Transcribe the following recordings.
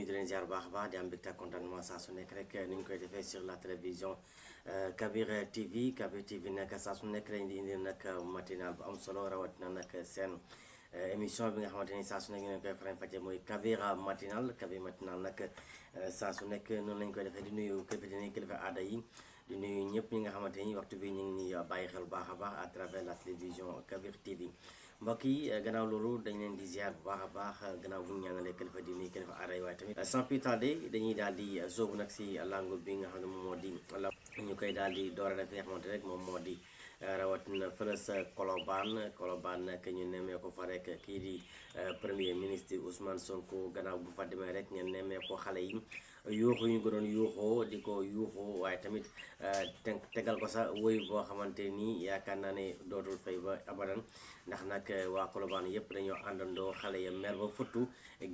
nuyu di leen ziar bu baax a baax di am mbégte saa su rek ni ñu koy defee sur la télévision euh, Kabir TV Kabir TV nag saa su nekk lañ di indi nag matinal bu am solo rawatina nag seen euh, émission bi nga xamante ni saa su nekk ñu leen koy faram fàcce mooy Kabir matinal Kabir euh, su nekk noonu lañ koy defee di nuyu kilifa dinañ kilifa aada yi di nuyu ñëpp ñi nga xamante ni waxtu bi ñu ngi ñuy bàyyi xel baax a baax à travers la télévision Kabir TV. mbokk yi gannaaw loolu dañ leen di ziar bu baax a baax gannaaw bu ñu ñaanalee kilifa diine kilifa aada yi waaye tamit sans plus tarder dañuy daal di sóobu nag si langue bi nga xam ne moom moo di la ñu koy daal di door a def nga moom moo di rawatina fële sa Colobane Colobane nag ñu nemee ko fa rek kii di premier ministre Ousmane ko gannaaw bu fa demee rek ngeen nemmee ko xale yi. yuuxu yu ñu ko doon yuuxoo di ko yuuxoo waaye tamit euh, tegal ko sax woy boo xamante nii yaakaar naa ne dootul fay ba abadan ndax nag euh, waa Colobane yëpp dañoo àndandoo xale ya mer ba futtu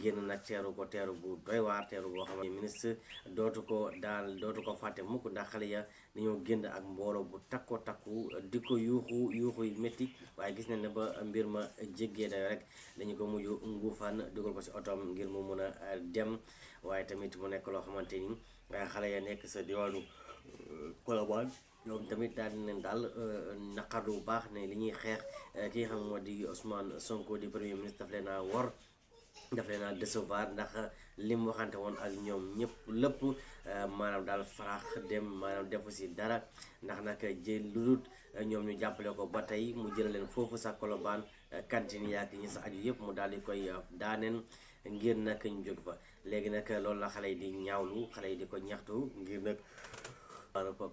génn nag teeru ko teeru bu doy waar teeru boo xamante ministre dootu ko daal dootu ko fàtte mukk ndax xale ya dañoo génn ak mbooloo bu takkoo takku di ko yuuxu yuuxu yu métti waaye gis nañ ne ba mbir ma jéggee dayo rek dañu ko mujj nguufaan dugal ko ci otoom ngir mu mën a dem waaye tamit mu nekk loo xamante ni xale ya nekk sa diwaanu euh, Colobane ñoom tamit daal di leen daal euh, naqar bu baax ne li ñuy xeex ki nga xam moo di Ousmane Sonko di premier ministre daf leen a wor dafay naa décevoir ndax li mu waxante woon ak ñoom ñëpp lépp euh, maanaam daal faraax dem maanaam defu si dara ndax nag jël lu dul euh, ñoom ñu jàppale ko ba tey mu jël leen foofu sa kolobaan kantine euh, yaak ñi sa aju yëpp mu daal di koy daaneen ngir nag ñu jóg fa léegi nag loolu la xale yi di ñaawlu xale yi di ko ñaxtu ngir nag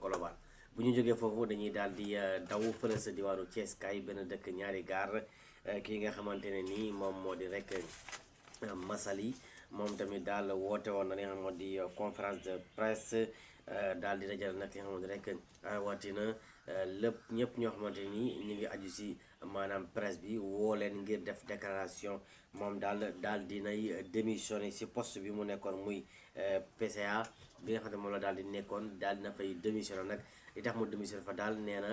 kolobaan bu ñu jógee foofu dañuy daal di daw fële sa diwaanu Thiès kaay benn dëkk ñaari gaar kii nga xamante ne nii moom moo di rek Massaly moom tamit daal woote woon na li nga xam moo di euh, conférence de presse euh, daal di dajal nag li nga xamante rek euh, rawatina lépp ñëpp ñoo xamante nii ñu ngi aju si maanaam presse bi woo leen ngir def déclaration moom daal daal dinay démissionné si poste bi mu nekkoon muy PCA bi nga xam ne moom la daal di nekkoon daal dina fay démissionné nag li tax mu démissionné fa daal nee na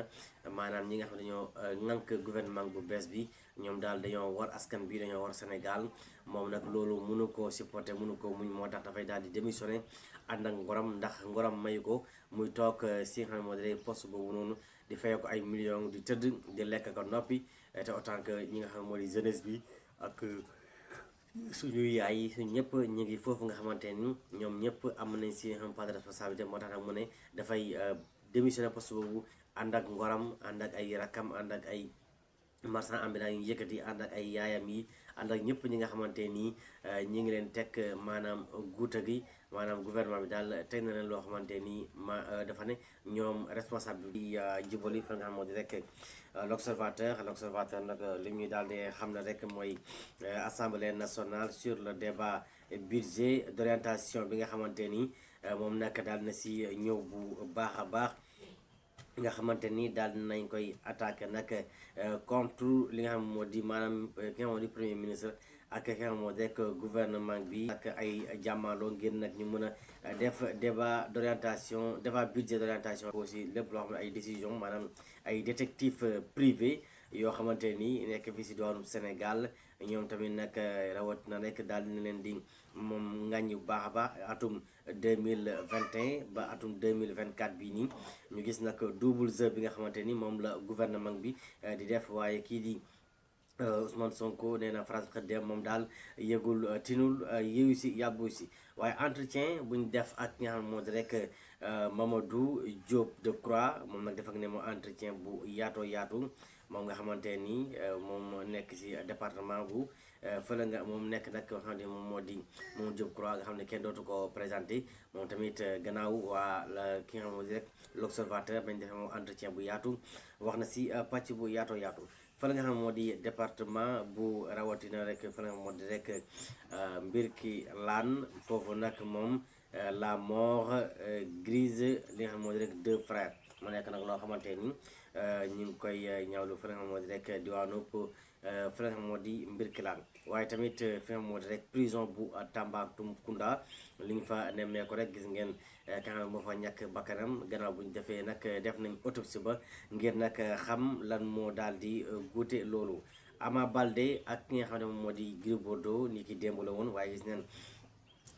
maanaam ñi nga xam ne ñoo ŋànk gouvernement bu bees bi ñoom daal dañoo war askan bi dañoo war Sénégal moom nag loolu mënu koo supporter mënu koo muñ moo tax dafay daal di démissionné ànd ak ngoram ndax ngoram mayu ko muy toog euh, si nga xam boobu noonu di fay ko ay millions di tëdd di lekk ko noppi euh, te autant que ñi nga xam moo di jeunesse bi ak euh, suñu yaay yi ñëpp ñu ngi foofu nga xamante ñoom ñëpp am nañ si xam pas de moo tax nag mu ne dafay démissionné poste boobu ànd ak ngoram ànd ay rakam ànd ak ay. marchand ambulant yi yëkkati ànd ak ay yaayam yi ànd ak ñëpp ñi nga xamante nii euh, ñu ngi leen teg euh, maanaam guuta gi maanaam gouvernement bi daal teg leen loo xamante nii ma euh, dafa ne ñoom responsable bi jubali fa nga xam moo di rek l' observateur l' observateur xam ne rek mooy assemblée nationale sur le débat budget d' bi nga xamante nii moom nag daal na si ñëw bu baax a baax li nga xamante ni daal nañ koy attaqué nag euh, contre li nga xam moo di maanaam euh, ki nga xam di premier ministre ak ki nga xam moo rek gouvernement bi ak ay jàmmaloo ngir nag ñu mën a def débat d'orientation débat budget d'orientation aussi lépp loo xam ay décision maanaam ay détective privé yoo xamante ni nekk fii si diwaanu Sénégal ñoom tamit nag euh, rawat na rek daal dina leen di moom ngàññi bu baax a baax atum 2021 ba atum deux mille vingt 2024 bii nii ñu gis nag double seur bi nga xamante ni moom la gouvernement bi euh, di def waaye kii di euh, Ousmane Sonko nee na France xëy moom daal yëgul euh, tinul yëyu si yàbbu si waaye entretien bu ñu def ak ñi nga xam moo di rek Mamadou Diop de Croix moom nag def ak ne moo entretien bu yaatoo yaatu moom nga xamante ni moom nekk si département bu. Euh, fële nga moom nekk nag nga xam ne moom moo di moom Diop Croix nga xam ne kenn dootu ko présenté moom tamit euh, gannaaw waa la ki nga xam ne rek l'observateur bañ defee moom bu yaatu wax na si euh, pàcc bu yaatoo yaatu fële nga xam moo di département bu rawatina rek fële moo di rek mbir ki laan foofu nag moom la mort grise li nga xam moo di rek deux frères mu nekk nag loo xamante ni ñu ngi koy ñaawlu fële nga moo di rek diwaanu fële nga moo di mbir ki laan waaye tamit euh, fi nga moo di rek prison bu Tambacounda li ñu fa nemmee ko rek gis ngeen euh, ka xam moo fa ñàkk bakkanam gannaaw bu ñu defee nag def nañ autopsie ba ngir nag xam lan moo daal di euh, guute loolu Ama Baldé ak ki nga xam ne moom moo di Gris Bordeaux ni ki démb la woon waaye gis neen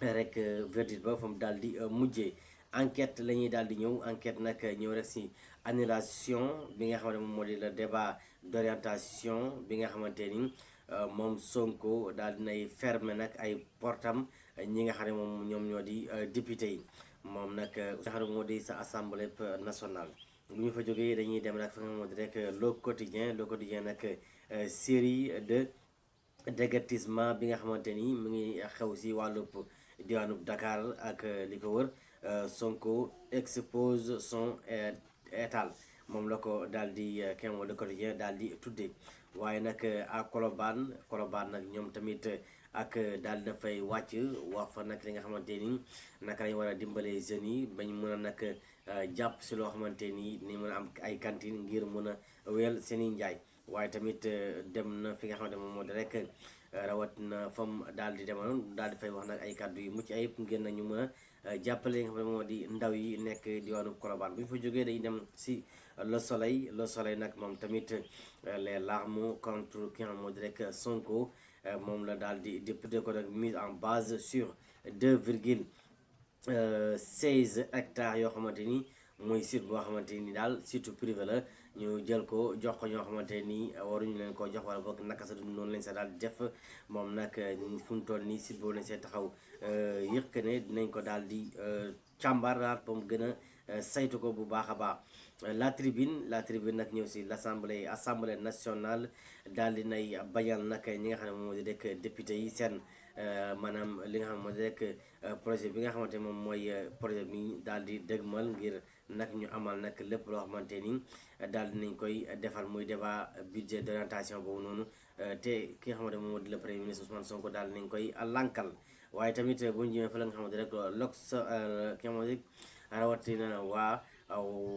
rek verdict ba fa mu daal di mujjee enquête la ñuy daal di ñëw enquête nag ñëw rek si annulation bi nga xam ne moom moo di le débat d'orientation bi nga xamante ni Euh, moom Sonko daal dinay fermer nag ay portam ñi nga xam ne moom ñoom ñoo di euh, député yi moom nag euh, nga xam ne moo di sa assemblée nationale bu ñu fa jógee dañuy dem nag fa nga moo di rek le quotidien le quotidien nag série de déguerpissement bi nga xamante ni mu ngi xew si wàllub diwaanub Dakar ak li ko wër Sonko expose son étal moom la ko daal di kenn le quotidien daal di tuddee waaye nag à Colobane Colobane nag ñoom tamit ak daal di dafay wàcc wax fa nag li nga xamante ni naka lañ war a dimbalee jeunes yi bañ mën a nag euh, jàpp si loo xamante nii ni mën a am ay cantine ngir mën a wel seen i njaay waaye tamit euh, dem na fi nga xamante moom moo di rek euh, rawat na fam daal di demoon daal di fay wax nag ay kàddu yu mucc ayib ngir nañu mën a jàppale li nga xam ne di ndaw yi nekk diwaanu Colobane bu ñu fa jógee dañuy dem si le soleil le soleil nag moom tamit euh, les larmes contre qui moo di rek Sonko euh, moom la daal di député ko nag mise en base sur deux virgule euh, seize hectares yoo xamante ni muy site boo xamante ni daal site privé la ñu jël ko jox ko ñoo xamante nii waruñu leen ko jox wala boog naka sa dund noonu lañ sa daal di def moom nag fu mu toll nii site boobu lañ see taxaw yëkk ne dinañ ko daal di càmbar daal ba mu gëna a saytu ko bu baax a baax. la tribune la tribune nag ñëw si l' assemblée assemblée nationale daal di nay bañal nag ñi nga xam ne moom moo di rek député yi seen euh, maanaam li nga xam ne moo di rek euh, projet bi nga xamante moom mooy euh, projet bi daal di dëgmal ngir nag ñu amal nag lépp loo xamante ni daal di nañ koy defal muy débat budget d' orientation boobu noonu te ki nga xamante moom moo di la premier ministre Ousmane Sonko daal di nañ koy lànkal waaye tamit bu ñu jëmee fa la nga xamante rek lox ki nga xamante rawatina waa.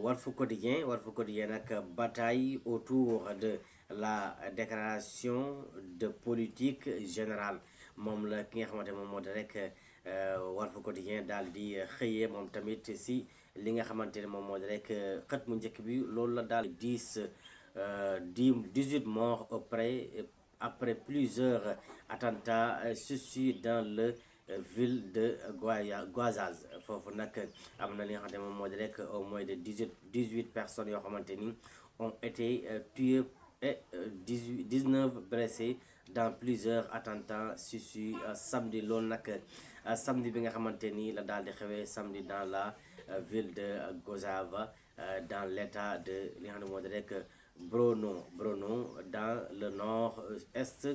Walf Quotidien Walf Quotidien nag bataille autour de la déclaration de politique général moom la ki nga xamante moom moo di war euh, Walf Quotidien daal di xëyee moom tamit si li nga xamante ne moom moo di rek mu njëkk bi loolu la daal dix euh, dix dix-huit morts après après plusieurs attentats sursis dans le Euh, ville de Guaya Guazaz foofu nag am na li nga xamante moom moo di rek au moins de dix huit dix huit personnes xamante ni ont été euh, tuées et euh, dix huit dix neuf blessés dans plusieurs attentats surtout samedi loolu nag samedi bi nga xamante ni la daal di xewee samedi dans la ville de Gozava dans l'état de li nga xam moo di rek Brno, Brno, dans le nord-est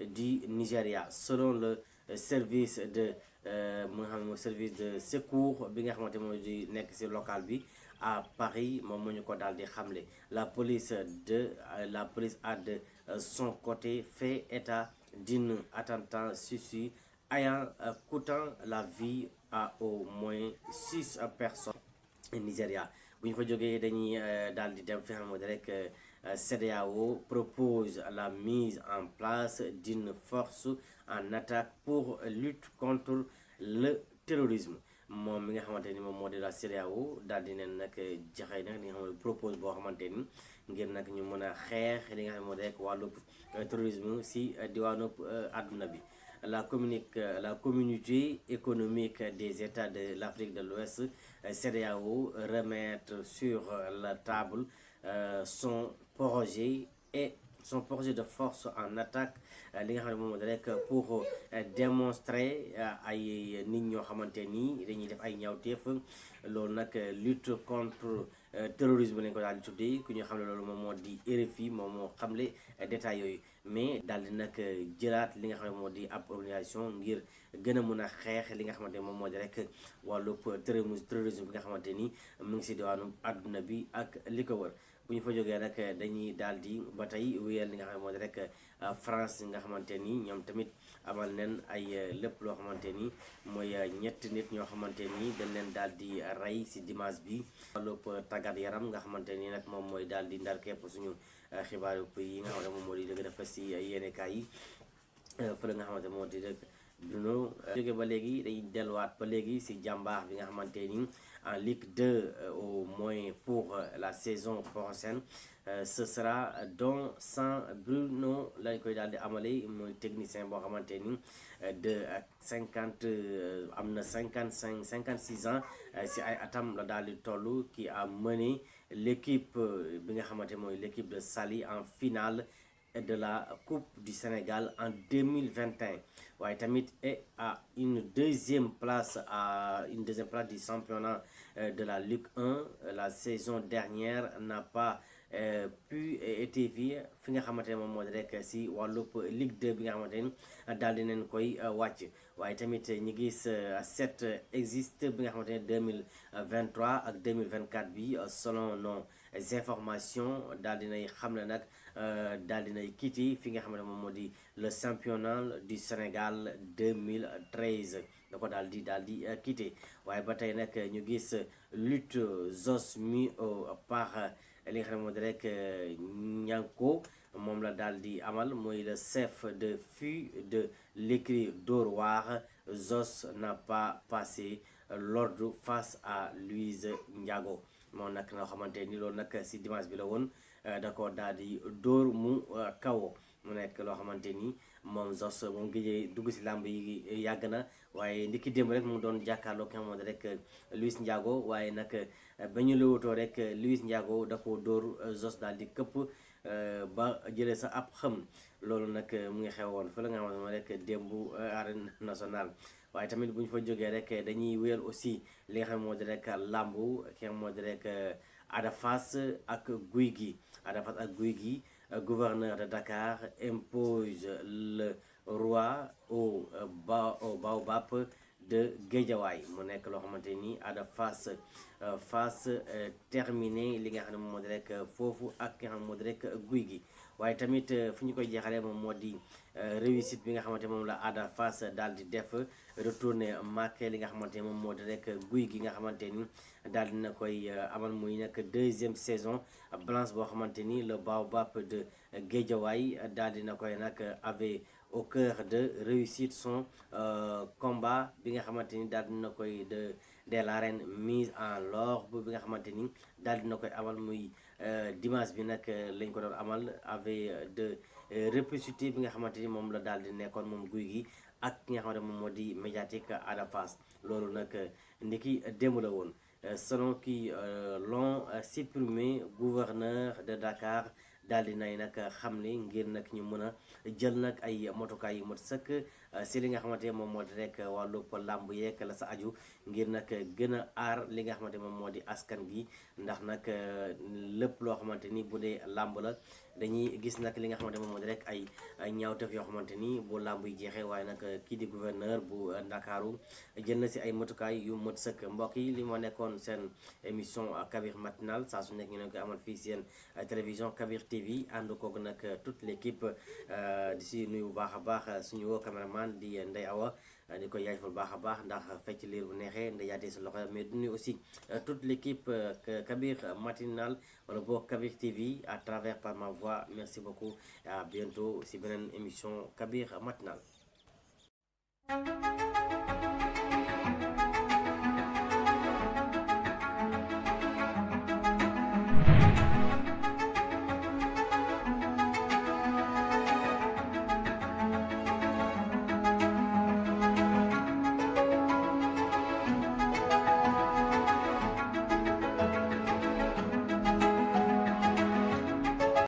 du Nigeria, selon le service de euh, mu nga xam ne mooy service de secours bi nga xamante mooy di nekk ci local bi à Paris moom moo ñu ko daal di xamle la police de euh, la police a de euh, son côté fait état d'un attentat suicide ayant coûtant la vie à au moins six personnes Nigeria bu ñu fa jógee dañuy dal di dem fi nga xam ne rek propose la mise en place d'une force en attaque pour lutte contre le terrorisme moom mi nga xamante ni moom moo di la CEDEAO daal di neen nag jaxee nag li nga xamante propose boo xamante ni ngir nag ñu mën a xeex li nga xam moo di euh, si diwaanub euh, àdduna bi la communique euh, la communauté économique des États de l'Afrique de l'Ouest CEDEAO remettre sur la table euh, son projet son projet de force en attaque euh, li nga xam ne moom rek pour euh, démontrer euh, ay nit ñoo xamante nii dañuy def ay ñaawteef loolu nag lutte contre terrorisme lañ ko daal di tuddee ku ñu xam ne loolu moom moo di RFI moom moo xam xamle détails yooyu mais daal di nag jëlaat li nga xam ne moo di ab ngir gën a mën a xeex li nga xamante moom moo di rek wàllub terrorisme bi nga xamante ni mu ngi si diwaanu àdduna bi ak li ko wër bu ñu fa jógee nag eh, dañuy daal di ba tey wéyal li nga xam ne moo di rek eh, nga xamante nii ñoom tamit amal neen ay eh, lépp loo xamante ni mooy ñett nit ñoo xamante ni dañ leen daal di rey si dimanche bi wàllub tàggat yaram nga xamante ni nag moom mooy daal di ndar képp suñu xibaar yi moom moo di dëgg dafa si yéenekaay yi fële nga xamante moo di dëgg duno ba léegi dañuy delluwaat ba léegi si jàmbaar bi nga xamante ni en Ligue 2 euh, au moins euh, la saison prochaine euh, ce sera don sans Bruno lañ koy daal di amale mooy technicien boo xamante de cinquante am na cinquante cinq cinquante six ans si ay atam la daal di toll qui a mené l'équipe bi nga xamante mooy l'équipe de Saly en finale de la Coupe du Sénégal en 2021 waaye tamit est à une deuxième place à une deuxième place du championnat euh, de la Ligue 1 euh, la saison dernière n'a pas euh, pu été fi fi nga xamante ne moom moo di rek si wàllub Ligue de bi nga xamante ni daal di neen koy wàcc waaye tamit ñi gis sept existe bi nga xamante ne 2023 ak 2024 bi selon nos informations daal dinay xam ne nag Euh, daal dinay kiiti fi nga xam ne moom moo di le championnat du Sénégal 2013 da ko daal di daal di euh, kiiti waaye ba tey nag ñu gis lutte zos mi par euh, li nga xam ne moom la daal di amal mooy le chef de file de l'écurie Dóor waar Zos n'a pas passé l'ordre face à Louise Ndiago moom nag nga xamante ni loolu nag si dimanche bi la woon Euh, da ko daal di dóor mu euh, kawo mu nekk loo xamante ni moom Zos moom géejee dugg si làmb yi yàgg na waaye ndiki démb rek mu doon jàkkaarloo ki moo xamante rek euh, Luis Ndiago waaye nag ba ñu rek Luis Ndiago da ko Zos daal di këpp ba jëlee sa ab xam loolu nag mu ngi xewoon fa la nga xamante rek démb arène nationale waaye tamit bu ñu fa jógee rek dañuy wéyal aussi li nga xam moo di rek làmb ki nga xam moo di rek Ada ak guy gi à ak guy gi euh, gouverneur de Dakar impose le roi au euh, ba au de Guédiawaye mu nekk loo xamante nii à la face euh, face terminé li nga xam ne moom di rek foofu ak ki nga xam ne di rek guy gi. waaye tamit euh, fi ñu koy jeexalee moom moo di euh, réussite bi nga xamante moom la Ada daal di def retourné marqué li nga xamante ne moom moo di rek guy gi nga xamante ni daal dina koy euh, amal muy nag deuxième saison blanche boo xamante ni le baobab de Guédiawaye daal dina koy nag avait au cœur de réussir son combat bi nga xamante ni daal dina koy de de l'arène mise en l'orbe bi nga xamante ni di na koy amal muy. Euh, dimanche bi nag euh, lañ ko doon amal avec euh, de répercute bi nga xamante ni moom la daal di nekkoon moom guy gi ak ki nga xamante moom moo di médiatique Ada Fass loolu nag ndiki démb la woon selon qui l'ont supprimé gouverneur de Dakar daal di nay nag xam ne ngir nak ñu mën a jël nag ay motukaay yu mot sëkk Euh, si li nga xamante ne moom moo di rek euh, wàllu làmb yeeg la sa aju ngir nag euh, gën a aar li nga xamante moom moo di askan gi ndax nag lépp loo xamante ni bu dee làmb la dañuy gis nag li nga xamante moom moo di rek ay ñaawteef yoo xamante ni bu làmb yi jeexee waaye nag kii di gouverneur bu Ndakaaru jël na si ay matukaay yu mot sëkk mbokk yi li moo nekkoon seen émission Kabir matinal saa su nekk ñu leen koy amal fii seen télévision Kabir TV ànd kook nag toute l' équipe di si nuyu bu baax a baax suñu woo caméraman Ousmane di Ndeye Awa di ko jaajëfal baax a baax ndax fecc liir bu neexee nda yaatee sa loxo mais du nuyu aussi euh, toute l' équipe euh, Kabir matinal wala boog Kabir TV à travers par ma voix merci beaucoup à bientôt si beneen émission Kabir matinal